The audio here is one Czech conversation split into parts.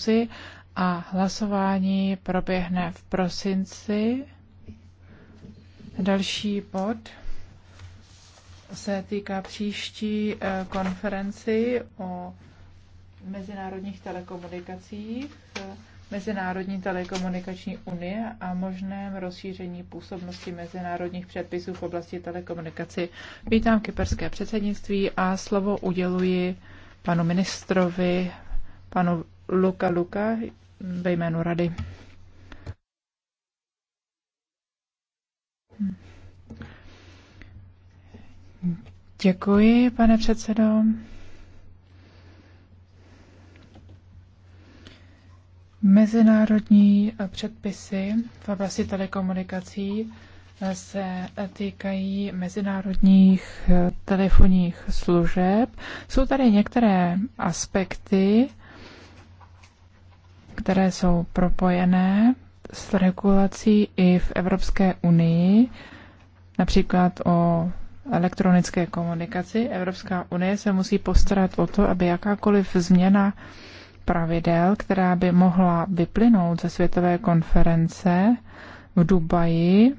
schůzi a hlasování proběhne v prosinci. Další bod se týká příští eh, konferenci o mezinárodních telekomunikacích, eh, Mezinárodní telekomunikační unie a možném rozšíření působnosti mezinárodních předpisů v oblasti telekomunikaci. Vítám kyperské předsednictví a slovo uděluji panu ministrovi, panu Luka Luka ve jménu rady. Děkuji, pane předsedo. Mezinárodní předpisy v oblasti telekomunikací se týkají mezinárodních telefonních služeb. Jsou tady některé aspekty, které jsou propojené s regulací i v Evropské unii, například o elektronické komunikaci. Evropská unie se musí postarat o to, aby jakákoliv změna pravidel, která by mohla vyplynout ze světové konference v Dubaji,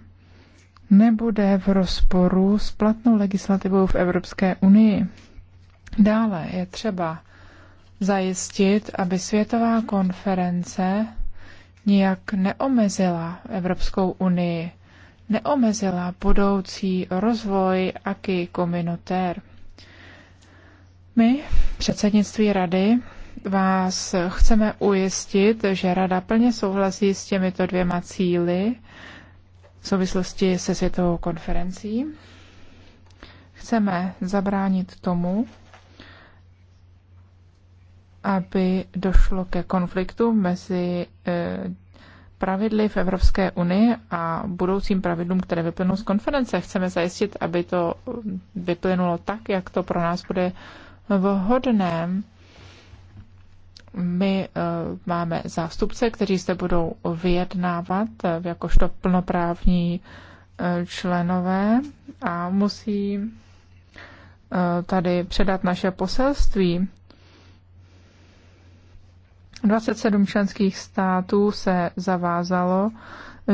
nebude v rozporu s platnou legislativou v Evropské unii. Dále je třeba zajistit, aby světová konference nijak neomezila Evropskou unii, neomezila budoucí rozvoj aky komunitér. My, předsednictví rady, vás chceme ujistit, že rada plně souhlasí s těmito dvěma cíly v souvislosti se světovou konferencí. Chceme zabránit tomu, aby došlo ke konfliktu mezi eh, pravidly v Evropské unii a budoucím pravidlům, které vyplynou z konference. Chceme zajistit, aby to mm, vyplynulo tak, jak to pro nás bude vhodné. My eh, máme zástupce, kteří se budou vyjednávat eh, jakožto plnoprávní členové a musí tady předat naše poselství 27 členských států se zavázalo,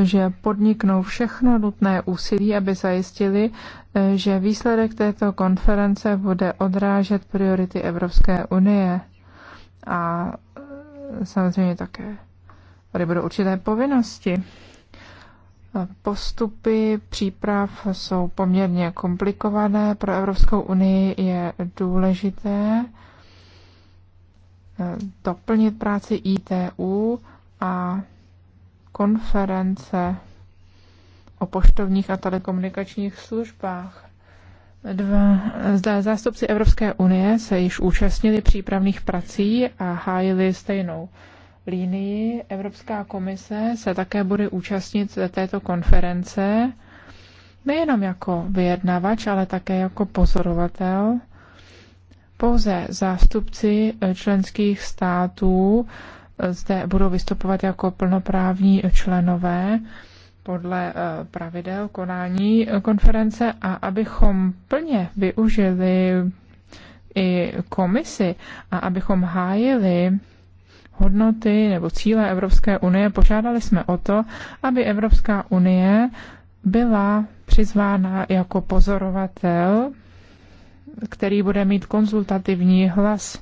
že podniknou všechno nutné úsilí, aby zajistili, že výsledek této konference bude odrážet priority Evropské unie. A e, samozřejmě také tady budou určité povinnosti. Postupy příprav jsou poměrně komplikované. Pro Evropskou unii je důležité, Eh, doplnit práci ITU a konference o poštovních a telekomunikačních službách. Dva zda zástupci Evropské unie se již účastnili přípravných prací a hájili stejnou línii. Evropská komise se také bude účastnit této konference nejenom jako vyjednavač, ale také jako pozorovatel pouze zástupci eh, členských států eh, zde budou vystupovat jako plnoprávní členové podle eh, pravidel konání konference a abychom plně využili i komisi a abychom hájili hodnoty nebo cíle Evropské unie, požádali jsme o to, aby Evropská unie byla přizvána jako pozorovatel který bude mít konzultativní hlas.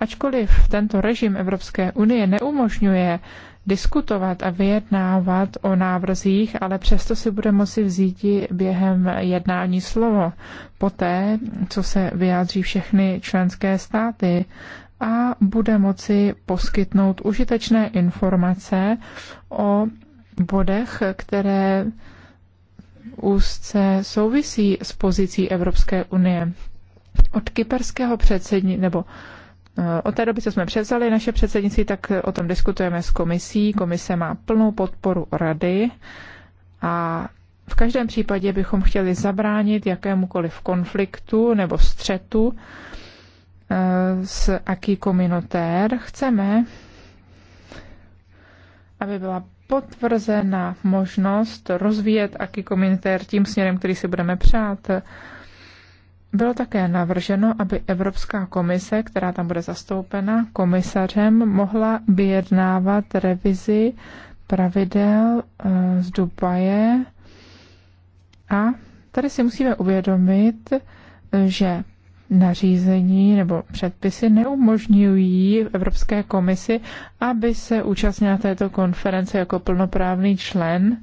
Ačkoliv tento režim Evropské unie neumožňuje diskutovat a vyjednávat o návrzích, ale přesto si bude moci vzít během jednání slovo, poté, co se vyjádří všechny členské státy a bude moci poskytnout užitečné informace o bodech, které úzce souvisí s pozicí Evropské unie od kyperského předsední, nebo eh, od té doby, co jsme převzali naše předsednictví, tak o tom diskutujeme s komisí. Komise má plnou podporu rady a v každém případě bychom chtěli zabránit jakémukoliv konfliktu nebo střetu eh, s aký kominotér. Chceme, aby byla potvrzena možnost rozvíjet aký kominotér tím směrem, který si budeme přát. Bylo také navrženo, aby Evropská komise, která tam bude zastoupena komisařem, mohla vyjednávat revizi pravidel eh, z Dubaje. A tady si musíme uvědomit, že nařízení nebo předpisy neumožňují Evropské komisi, aby se účastnila této konference jako plnoprávný člen.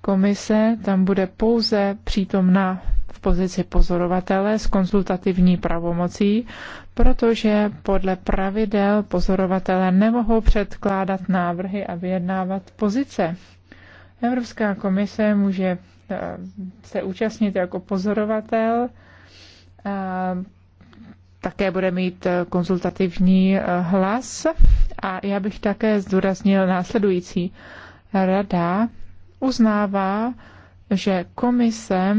Komise tam bude pouze přítomna v pozici pozorovatele s konzultativní pravomocí, protože podle pravidel pozorovatele nemohou předkládat návrhy a vyjednávat pozice. Evropská komise může eh, se účastnit jako pozorovatel, také bude mít eh, konzultativní eh, hlas a já bych také zdůraznil následující. Rada uznává, že komise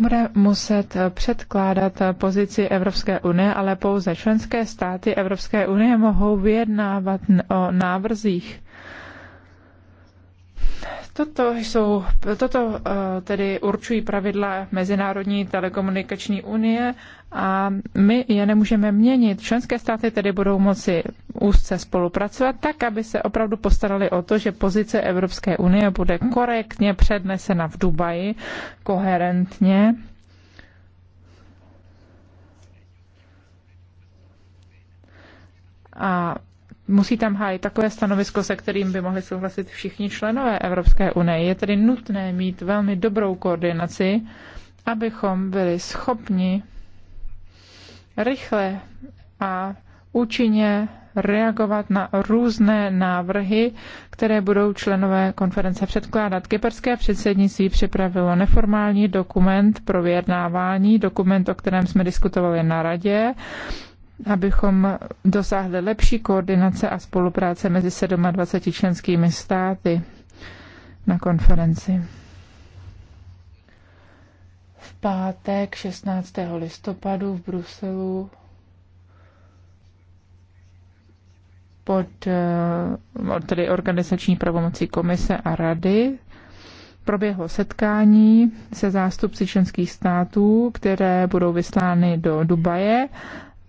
bude muset předkládat pozici Evropské unie, ale pouze členské státy Evropské unie mohou vyjednávat o návrzích Toto, jsou, toto eh, tedy určují pravidla Mezinárodní telekomunikační unie a my je nemůžeme měnit. Členské státy tedy budou moci úzce spolupracovat tak, aby se opravdu postarali o to, že pozice Evropské unie bude korektně přednesena v Dubaji, koherentně. A musí tam hájit takové stanovisko, se kterým by mohli souhlasit všichni členové Evropské unie. Je tedy nutné mít velmi dobrou koordinaci, abychom byli schopni rychle a účinně reagovat na různé návrhy, které budou členové konference předkládat. Kyperské předsednictví připravilo neformální dokument pro vyjednávání, dokument, o kterém jsme diskutovali na radě abychom dosáhli lepší koordinace a spolupráce mezi 27 členskými státy na konferenci. V pátek 16. listopadu v Bruselu pod eh, tedy organizační pravomocí komise a rady proběhlo setkání se zástupci členských států, které budou vyslány do Dubaje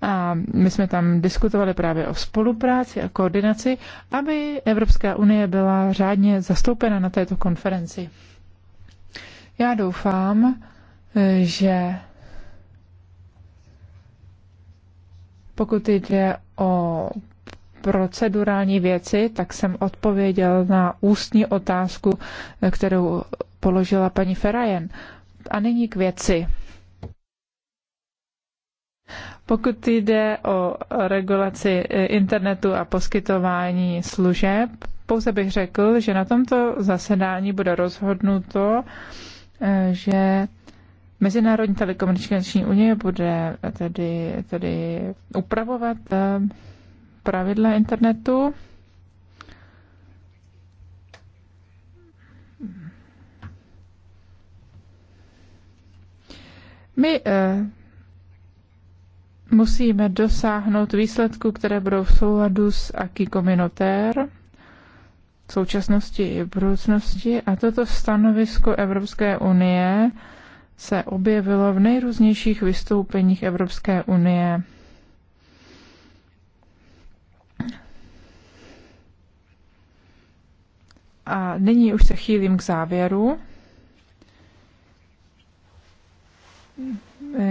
a my jsme tam diskutovali právě o spolupráci a koordinaci, aby Evropská unie byla řádně zastoupena na této konferenci. Já doufám, že pokud jde o procedurální věci, tak jsem odpověděl na ústní otázku, kterou položila paní Ferajen. A nyní k věci. Pokud jde o regulaci e, internetu a poskytování služeb, pouze bych řekl, že na tomto zasedání bude rozhodnuto, e, že Mezinárodní telekomunikační unie bude tedy, tedy upravovat e, pravidla internetu. My musíme dosáhnout výsledků, které budou v souladu s aký komunitér v současnosti i v budoucnosti a toto stanovisko Evropské unie se objevilo v nejrůznějších vystoupeních Evropské unie. A nyní už se chýlím k závěru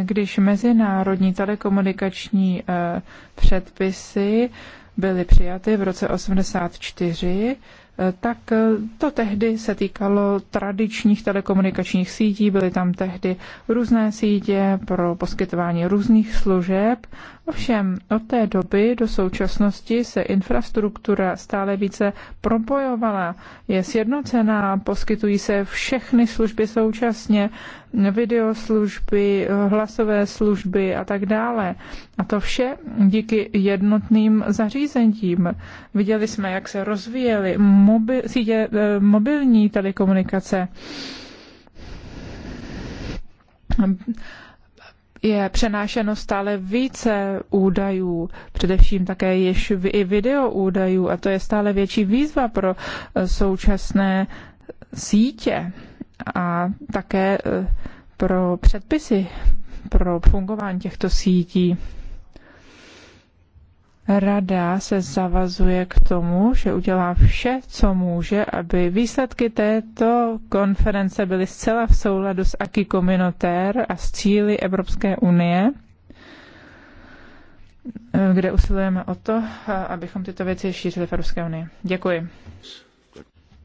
když mezinárodní telekomunikační eh, předpisy byly přijaty v roce 84, eh, tak eh, to tehdy se týkalo tradičních telekomunikačních sítí, byly tam tehdy různé sítě pro poskytování různých služeb Ovšem od té doby do současnosti se infrastruktura stále více propojovala, je sjednocená, poskytují se všechny služby současně, videoslužby, hlasové služby a tak dále. A to vše díky jednotným zařízením. Viděli jsme, jak se rozvíjely mobil, sítě, eh, mobilní telekomunikace je přenášeno stále více údajů, především také již i video údajů, a to je stále větší výzva pro eh, současné sítě a také eh, pro předpisy pro fungování těchto sítí. Rada se zavazuje k tomu, že udělá vše, co může, aby výsledky této konference byly zcela v souladu s Aki Communautaire a s cíly Evropské unie, kde usilujeme o to, abychom tyto věci šířili v Evropské unii. Děkuji.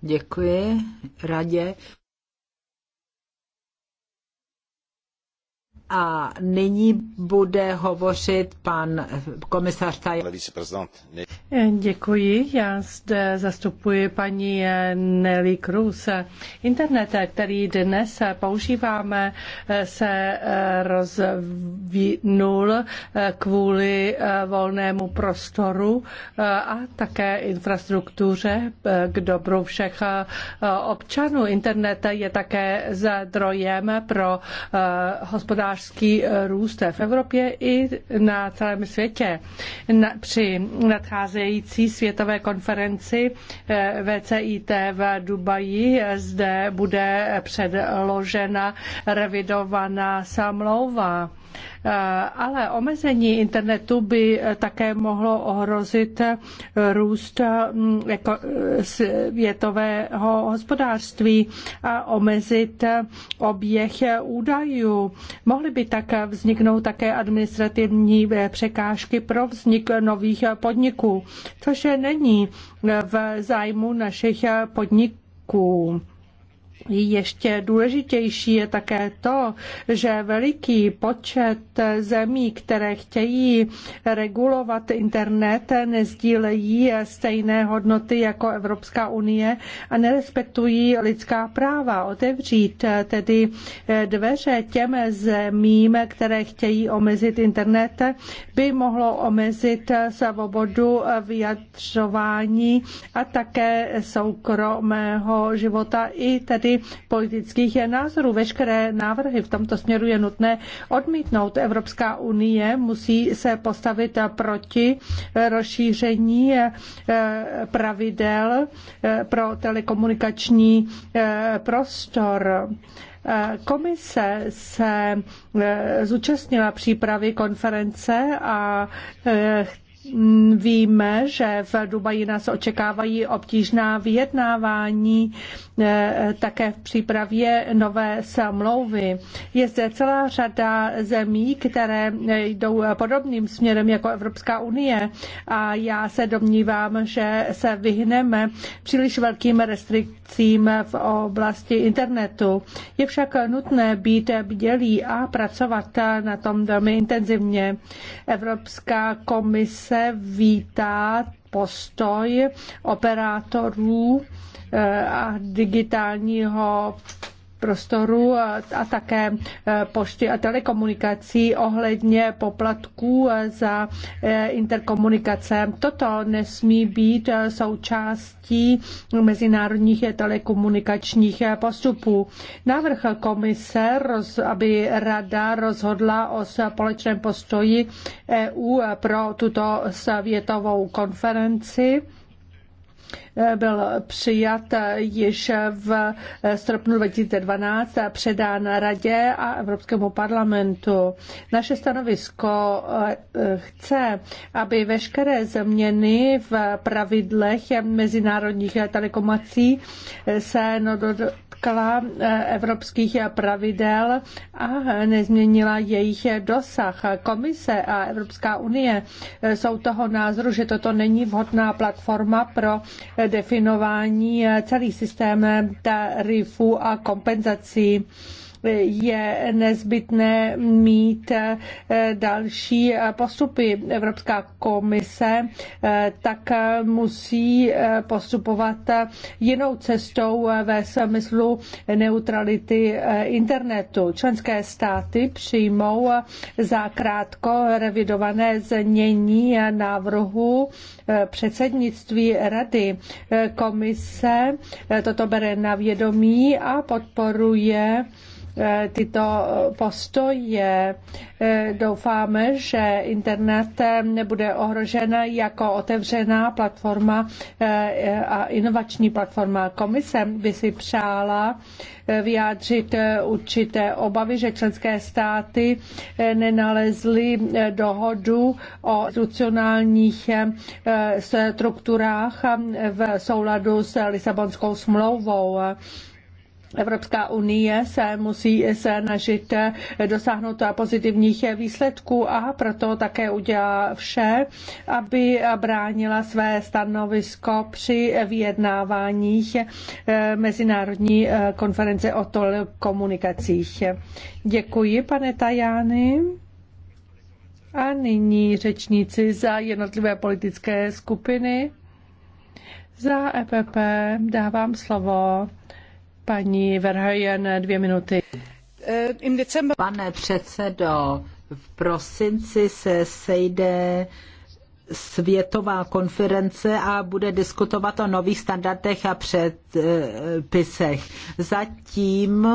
Děkuji radě. A nyní bude hovořit pan komisař Taj. Děkuji, já zde zastupuji paní Nelly Cruz. Internet, který dnes používáme, se rozvinul kvůli volnému prostoru a také infrastruktuře k dobru všech občanů. Internet je také zdrojem pro hospodářství hospodářský eh, růst v Evropě i na celém světě. Na, při nadcházející světové konferenci eh, VCIT v Dubaji eh, zde bude předložena revidovaná samlouva ale omezení internetu by také mohlo ohrozit růst mm, jako, světového hospodářství a omezit oběh údajů. Mohly by tak vzniknout také administrativní překážky pro vznik nových podniků, což není v zájmu našich podniků. Ještě důležitější je také to, že veliký počet zemí, které chtějí regulovat internet, nezdílejí stejné hodnoty jako Evropská unie a nerespektují lidská práva. Otevřít tedy dveře těm zemím, které chtějí omezit internet, by mohlo omezit svobodu vyjadřování a také soukromého života i tedy plurality politických názorů. Veškeré návrhy v tomto směru je nutné odmítnout. Evropská unie musí se postavit proti rozšíření eh, pravidel eh, pro telekomunikační eh, prostor. Komise se zúčastnila přípravy konference a Víme, že v Dubaji nás očekávají obtížná vyjednávání E, také v přípravě nové samlouvy. Je zde celá řada zemí, které jdou podobným směrem jako Evropská unie a já se domnívám, že se vyhneme příliš velkým restrikcím v oblasti internetu. Je však nutné být bdělý a pracovat na tom velmi intenzivně. Evropská komise vítá postoj operátorů eh, a digitálního prostoru a, a také e, pošty a telekomunikací ohledně poplatků za e, interkomunikace. Toto nesmí být součástí mezinárodních telekomunikačních postupů. Návrh komise, aby rada rozhodla o společném postoji EU pro tuto světovou konferenci, byl přijat již v srpnu 2012 a předán Radě a Evropskému parlamentu. Naše stanovisko eh, chce, aby veškeré změny v pravidlech mezinárodních telekomací se dotkla eh, evropských pravidel a nezměnila jejich dosah. Komise a Evropská unie eh, jsou toho názoru, že toto není vhodná platforma pro eh, definování celý systém tarifů a kompenzací je nezbytné mít eh, další eh, postupy. Evropská komise eh, tak musí postupovat jinou cestou ve smyslu neutrality internetu. Členské státy přijmou za krátko revidované znění návrhu předsednictví rady. Komise toto bere na vědomí a podporuje Eh, tyto eh, postoje. Eh, doufáme, že internet nebude ohrožen jako otevřená platforma a inovační platforma. Komise by si přála vyjádřit určité obavy, že členské státy nenalezly dohodu o institucionálních strukturách v souladu s Lisabonskou smlouvou. Evropská unie se musí snažit dosáhnout pozitivních výsledků a proto také udělá vše, aby bránila své stanovisko při vyjednáváních eh, Mezinárodní eh, konference o telekomunikacích. Děkuji, pane Tajány. A nyní řečníci za jednotlivé politické skupiny. Za EPP dávám slovo Paní Verhajen, dvě minuty. Eh, Pane předsedo, v prosinci se sejde světová konference a bude diskutovat o nových standardech a před předpisech. Zatím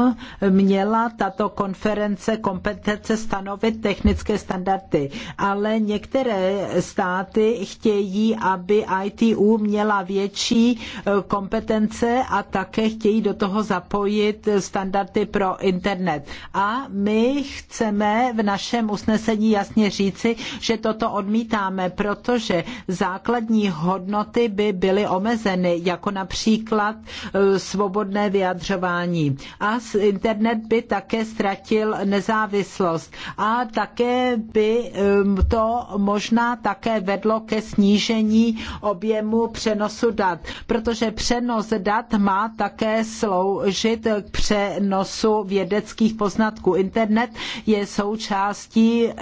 měla tato konference kompetence stanovit technické standardy, ale některé státy chtějí, aby ITU měla větší eh, kompetence a také chtějí do toho zapojit standardy pro internet. A my chceme v našem usnesení jasně říci, že toto odmítáme, protože základní hodnoty by byly omezeny, jako například Eh, svobodné vyjadřování. A internet by také ztratil nezávislost. A také by to možná také vedlo ke snížení objemu přenosu dat, protože přenos dat má také sloužit k přenosu vědeckých poznatků. Internet je součástí eh,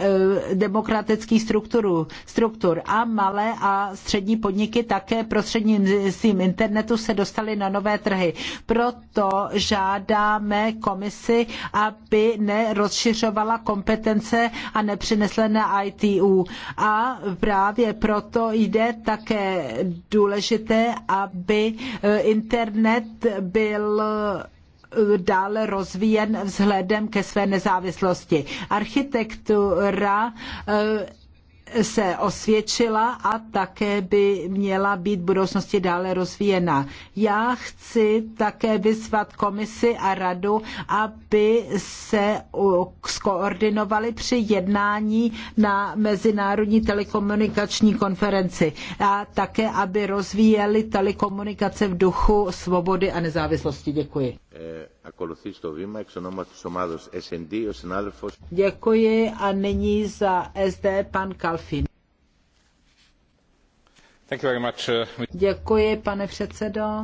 demokratických strukturů, struktur a malé a střední podniky také prostřednictvím internetu se dostaly na nové trhy. Proto žádáme komisi, aby nerozšiřovala kompetence a nepřinesla na ITU. A právě proto jde také důležité, aby eh, internet byl eh, dále rozvíjen vzhledem ke své nezávislosti. Architektura eh, se osvědčila a také by měla být v budoucnosti dále rozvíjena. Já chci také vyzvat komisi a radu, aby se skoordinovali při jednání na Mezinárodní telekomunikační konferenci a také, aby rozvíjeli telekomunikace v duchu svobody a nezávislosti. Děkuji. Eh... Děkuji a nyní za SD pan Kalfin. Uh, Děkuji, pane předsedo.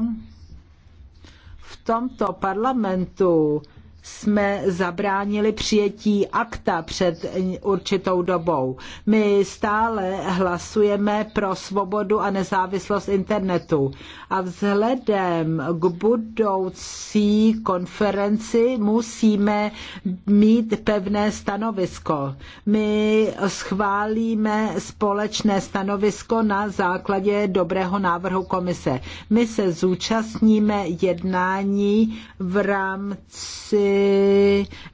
V tomto parlamentu jsme zabránili přijetí akta před určitou dobou. My stále hlasujeme pro svobodu a nezávislost internetu. A vzhledem k budoucí konferenci musíme mít pevné stanovisko. My schválíme společné stanovisko na základě dobrého návrhu komise. My se zúčastníme jednání v rámci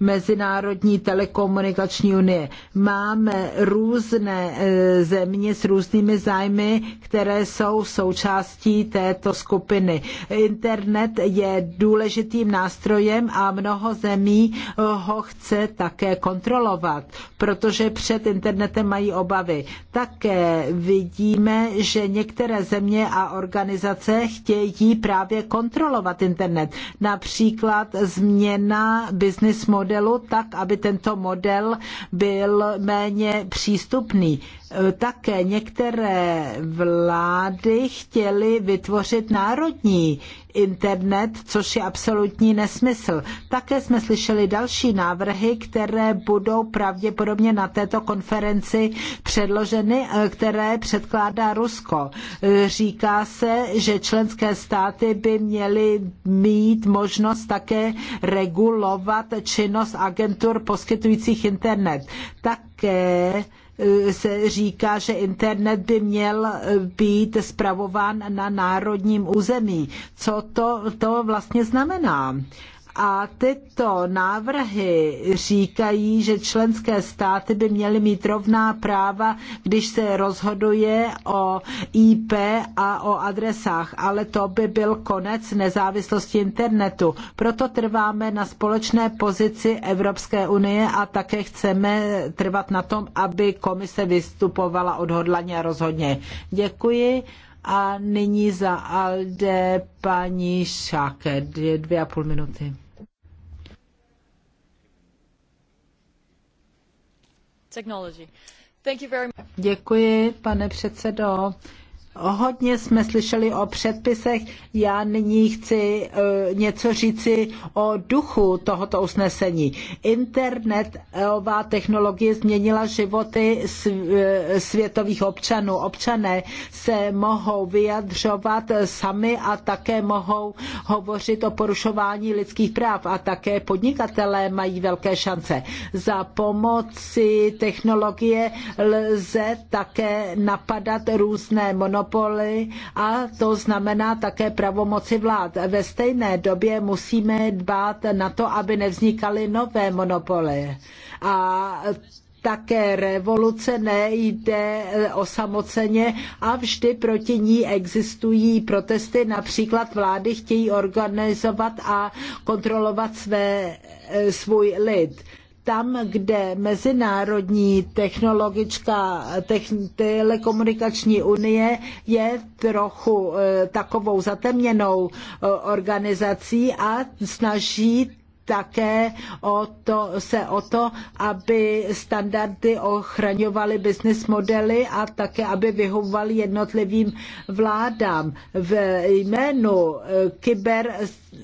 Mezinárodní telekomunikační unie. Máme různé e, země s různými zájmy, které jsou součástí této skupiny. Internet je důležitým nástrojem a mnoho zemí e, ho chce také kontrolovat, protože před internetem mají obavy. Také vidíme, že některé země a organizace chtějí právě kontrolovat internet. Například změna business modelu tak, aby tento model byl méně přístupný. E, také některé vlády chtěly vytvořit národní internet, což je absolutní nesmysl. Také jsme slyšeli další návrhy, které budou pravděpodobně na této konferenci předloženy, eh, které předkládá Rusko. Eh, říká se, že členské státy by měly mít možnost také regulovat činnost agentur poskytujících internet. Také se říká, že internet by měl být spravován na národním území. Co to, to vlastně znamená? A tyto návrhy říkají, že členské státy by měly mít rovná práva, když se rozhoduje o IP a o adresách, ale to by byl konec nezávislosti internetu. Proto trváme na společné pozici Evropské unie a také chceme trvat na tom, aby komise vystupovala odhodlaně a rozhodně. Děkuji. A nyní za Alde paní Šáke, dvě, dvě a půl minuty. Technology. Děkuji, pane předsedo. Hodně jsme slyšeli o předpisech, já nyní chci e, něco říci o duchu tohoto usnesení. Internetová technologie změnila životy eh, světových občanů. Občané se mohou vyjadřovat sami a také mohou hovořit o porušování lidských práv a také podnikatelé mají velké šance. Za pomoci technologie lze také napadat různé monopoly monopoly a to znamená také pravomoci vlád. Ve stejné době musíme dbát na to, aby nevznikaly nové monopoly. A také revoluce nejde osamoceně a vždy proti ní existují protesty. Například vlády chtějí organizovat a kontrolovat své, svůj lid tam, kde mezinárodní technologická techn, telekomunikační unie je trochu eh, takovou zatemněnou eh, organizací a snaží také o to, se o to, aby standardy ochraňovaly business modely a také, aby vyhovovaly jednotlivým vládám. V jménu eh, kyber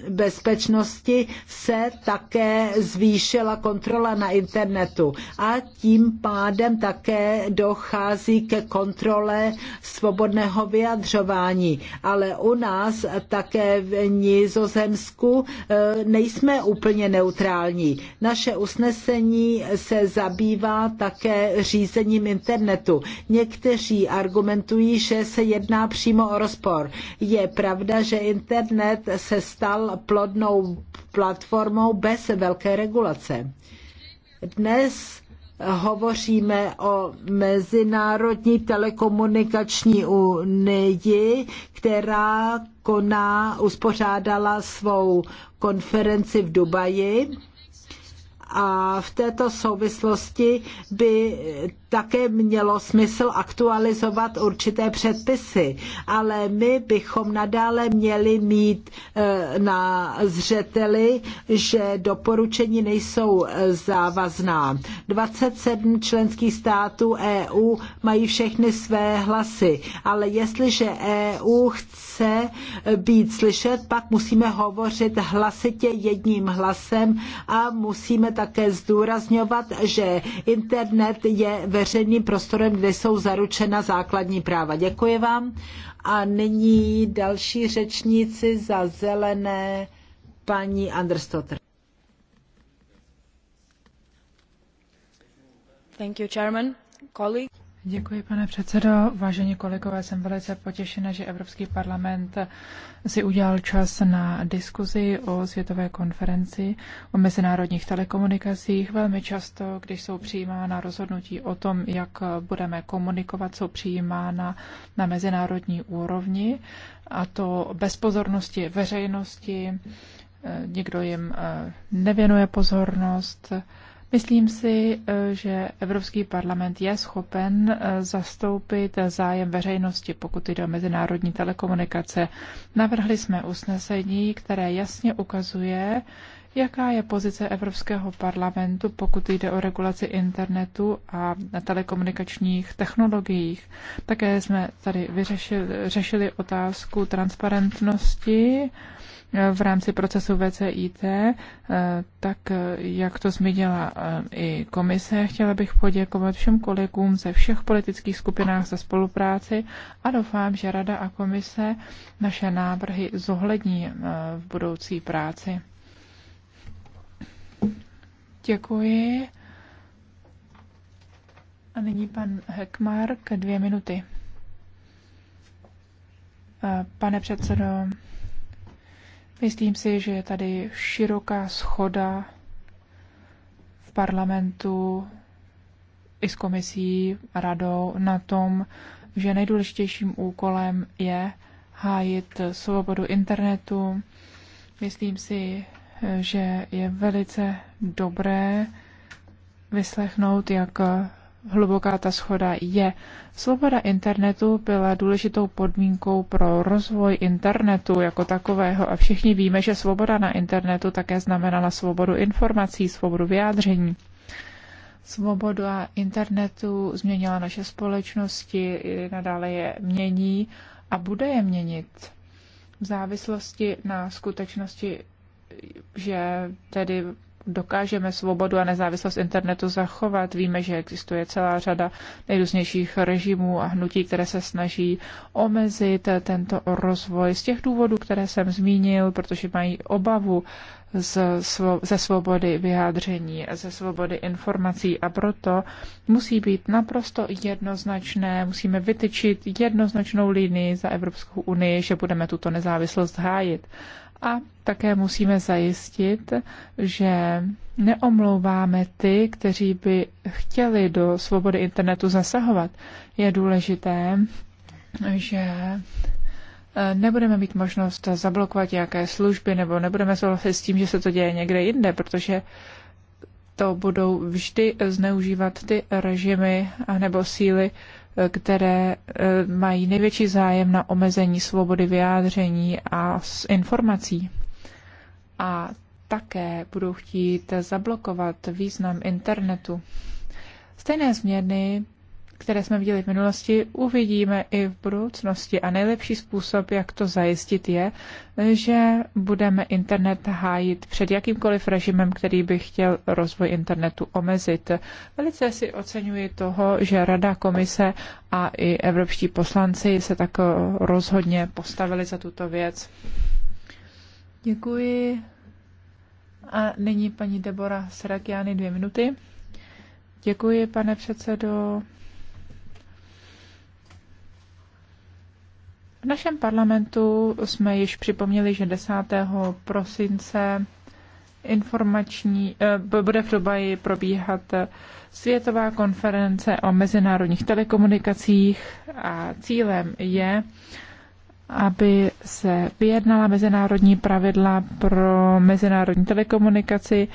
bezpečnosti se také zvýšila kontrola na internetu a tím pádem také dochází ke kontrole svobodného vyjadřování. Ale u nás také v Nizozemsku e, nejsme úplně neutrální. Naše usnesení se zabývá také řízením internetu. Někteří argumentují, že se jedná přímo o rozpor. Je pravda, že internet se stal stal plodnou platformou bez velké regulace. Dnes hovoříme o Mezinárodní telekomunikační unii, která koná, uspořádala svou konferenci v Dubaji a v této souvislosti by také mělo smysl aktualizovat určité předpisy, ale my bychom nadále měli mít e, na zřeteli, že doporučení nejsou e, závazná. 27 členských států EU mají všechny své hlasy, ale jestliže EU chce e, být slyšet, pak musíme hovořit hlasitě jedním hlasem a musíme také zdůrazňovat, že internet je ve veřejným prostorem, kde jsou zaručena základní práva. Děkuji vám. A nyní další řečníci za zelené paní Anderstotter. Thank you, Chairman. Colleague. Děkuji, pane předsedo. Vážení kolegové, jsem velice potěšena, že Evropský parlament si udělal čas na diskuzi o světové konferenci o mezinárodních telekomunikacích. Velmi často, když jsou přijímána rozhodnutí o tom, jak budeme komunikovat, jsou přijímána na mezinárodní úrovni, a to bez pozornosti veřejnosti, nikdo jim eh, nevěnuje pozornost Myslím si, eh, že Evropský parlament je schopen eh, zastoupit zájem veřejnosti, pokud jde o mezinárodní telekomunikace. Navrhli jsme usnesení, které jasně ukazuje, jaká je pozice Evropského parlamentu, pokud jde o regulaci internetu a telekomunikačních technologiích. Také jsme tady vyřešili řešili otázku transparentnosti v rámci procesu VCIT, eh, tak eh, jak to zmínila eh, i komise, chtěla bych poděkovat všem kolegům ze všech politických skupinách za spolupráci a doufám, že Rada a komise naše návrhy zohlední v budoucí práci. Děkuji. A nyní pan Hekmark, dvě minuty. Pane předsedo, Myslím si, že je tady široká schoda v parlamentu i s komisí a radou na tom, že nejdůležitějším úkolem je hájit svobodu internetu. Myslím si, že je velice dobré vyslechnout jak hluboká ta schoda je. Svoboda internetu byla důležitou podmínkou pro rozvoj internetu jako takového a všichni víme, že svoboda na internetu také znamenala svobodu informací, svobodu vyjádření. Svoboda internetu změnila naše společnosti, nadále je mění a bude je měnit v závislosti na skutečnosti, že tedy dokážeme svobodu a nezávislost internetu zachovat. Víme, že existuje celá řada nejrůznějších režimů a hnutí, které se snaží omezit tento rozvoj z těch důvodů, které jsem zmínil, protože mají obavu ze svobody vyjádření, ze svobody informací a proto musí být naprosto jednoznačné, musíme vytyčit jednoznačnou linii za Evropskou unii, že budeme tuto nezávislost hájit. A také musíme zajistit, že neomlouváme ty, kteří by chtěli do svobody internetu zasahovat. Je důležité, že eh, nebudeme mít možnost zablokovat nějaké služby nebo nebudeme souhlasit s tím, že se to děje někde jinde, protože to budou vždy zneužívat ty režimy nebo síly, které eh, mají největší zájem na omezení svobody vyjádření a s informací. A také budou chtít zablokovat význam internetu. Stejné změny které jsme viděli v minulosti, uvidíme i v budoucnosti. A nejlepší způsob, jak to zajistit, je, že budeme internet hájit před jakýmkoliv režimem, který by chtěl rozvoj internetu omezit. Velice si oceňuji toho, že Rada, Komise a i evropští poslanci se tak rozhodně postavili za tuto věc. Děkuji. A nyní paní Debora Serakiany dvě minuty. Děkuji, pane předsedo. V našem parlamentu jsme již připomněli, že 10. prosince informační, eh, bude v Dubaji probíhat světová konference o mezinárodních telekomunikacích a cílem je, aby se vyjednala mezinárodní pravidla pro mezinárodní telekomunikaci.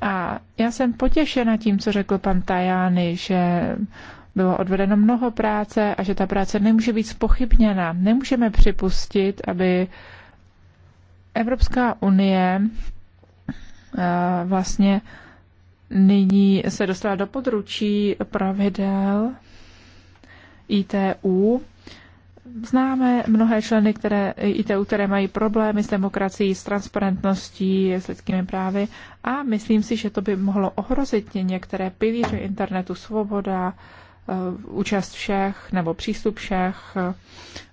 A já jsem potěšena tím, co řekl pan Tajány, že bylo odvedeno mnoho práce a že ta práce nemůže být spochybněna. Nemůžeme připustit, aby Evropská unie eh, vlastně nyní se dostala do područí pravidel ITU. Známe mnohé členy které, ITU, které mají problémy s demokracií, s transparentností, s lidskými právy a myslím si, že to by mohlo ohrozit některé pilíře internetu, svoboda, Eh, účast všech nebo přístup všech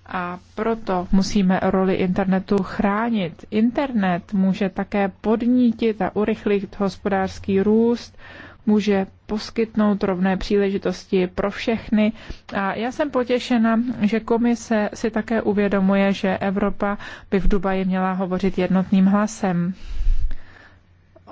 a proto musíme roli internetu chránit. Internet může také podnítit a urychlit hospodářský růst, může poskytnout rovné příležitosti pro všechny. A já jsem potěšena, že komise si také uvědomuje, že Evropa by v Dubaji měla hovořit jednotným hlasem.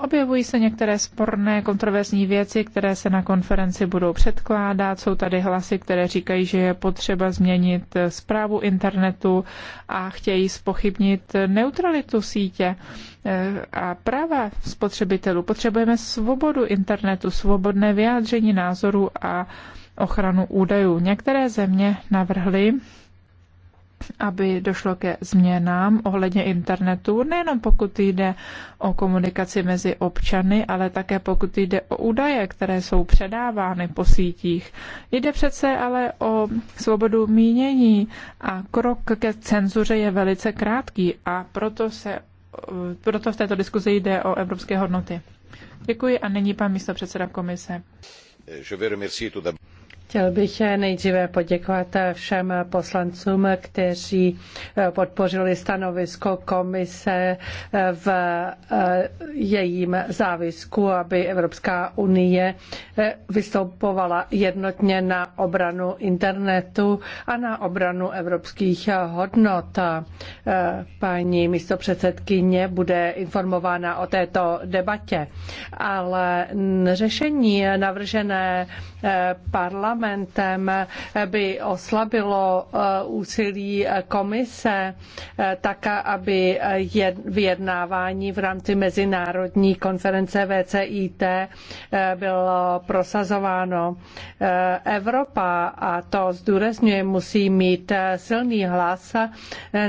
Objevují se některé sporné, kontroverzní věci, které se na konferenci budou předkládat. Jsou tady hlasy, které říkají, že je potřeba změnit zprávu internetu a chtějí spochybnit neutralitu sítě eh, a práva spotřebitelů. Potřebujeme svobodu internetu, svobodné vyjádření názorů a ochranu údajů. Některé země navrhly aby došlo ke změnám ohledně internetu, nejenom pokud jde o komunikaci mezi občany, ale také pokud jde o údaje, které jsou předávány po sítích. Jde přece ale o svobodu mínění a krok ke cenzuře je velice krátký a proto, se, proto v této diskuzi jde o evropské hodnoty. Děkuji a nyní pan místo předseda komise. Chtěl bych nejdříve poděkovat všem poslancům, kteří podpořili stanovisko komise v eh, jejím závisku, aby Evropská unie eh, vystoupovala jednotně na obranu internetu a na obranu evropských hodnot. Eh, paní místopředsedkyně bude informována o této debatě, ale řešení navržené parlamentem parlamentem by oslabilo eh, úsilí komise, eh, tak aby vyjednávání v rámci mezinárodní konference VCIT eh, bylo prosazováno. Evropa, a to zdůrazňuje, musí mít silný hlas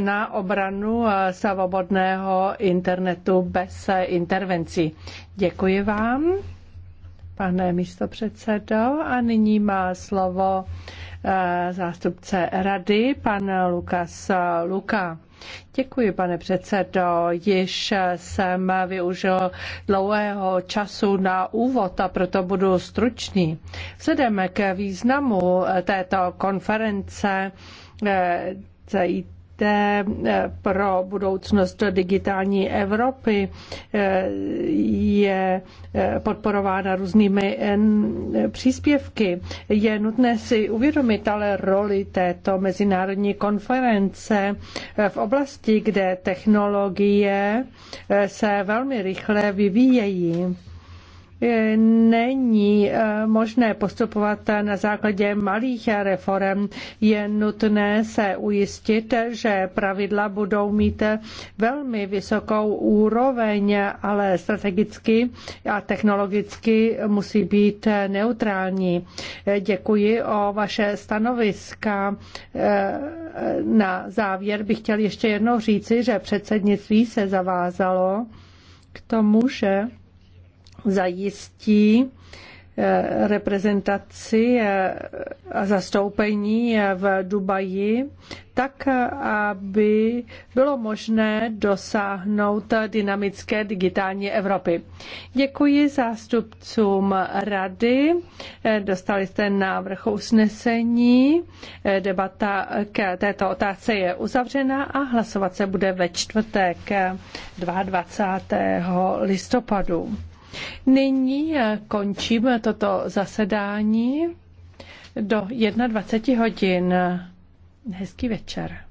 na obranu svobodného internetu bez intervencí. Děkuji vám pane místopředsedo. A nyní má slovo eh, zástupce rady, pan Lukas Luka. Děkuji, pane předsedo. Již jsem využil dlouhého času na úvod a proto budu stručný. Vzhledem k významu této konference eh, důležité eh, pro budoucnost digitální Evropy. Eh, je eh, podporována různými příspěvky. Je nutné si uvědomit ale roli této mezinárodní konference v oblasti, kde technologie se velmi rychle vyvíjejí. E, není e, možné postupovat na základě malých reform. Je nutné se ujistit, že pravidla budou mít velmi vysokou úroveň, ale strategicky a technologicky musí být neutrální. E, děkuji o vaše stanoviska. Na závěr bych chtěl ještě jednou říci, že předsednictví se zavázalo k tomu, že zajistí eh, reprezentaci eh, a zastoupení eh, v Dubaji, tak aby bylo možné dosáhnout dynamické digitální Evropy. Děkuji zástupcům rady. Dostali jste návrh usnesení. Debata k této otázce je uzavřena a hlasovat se bude ve čtvrtek 22. listopadu. Nyní eh, končím toto zasedání do 21 hodin. Hezký večer.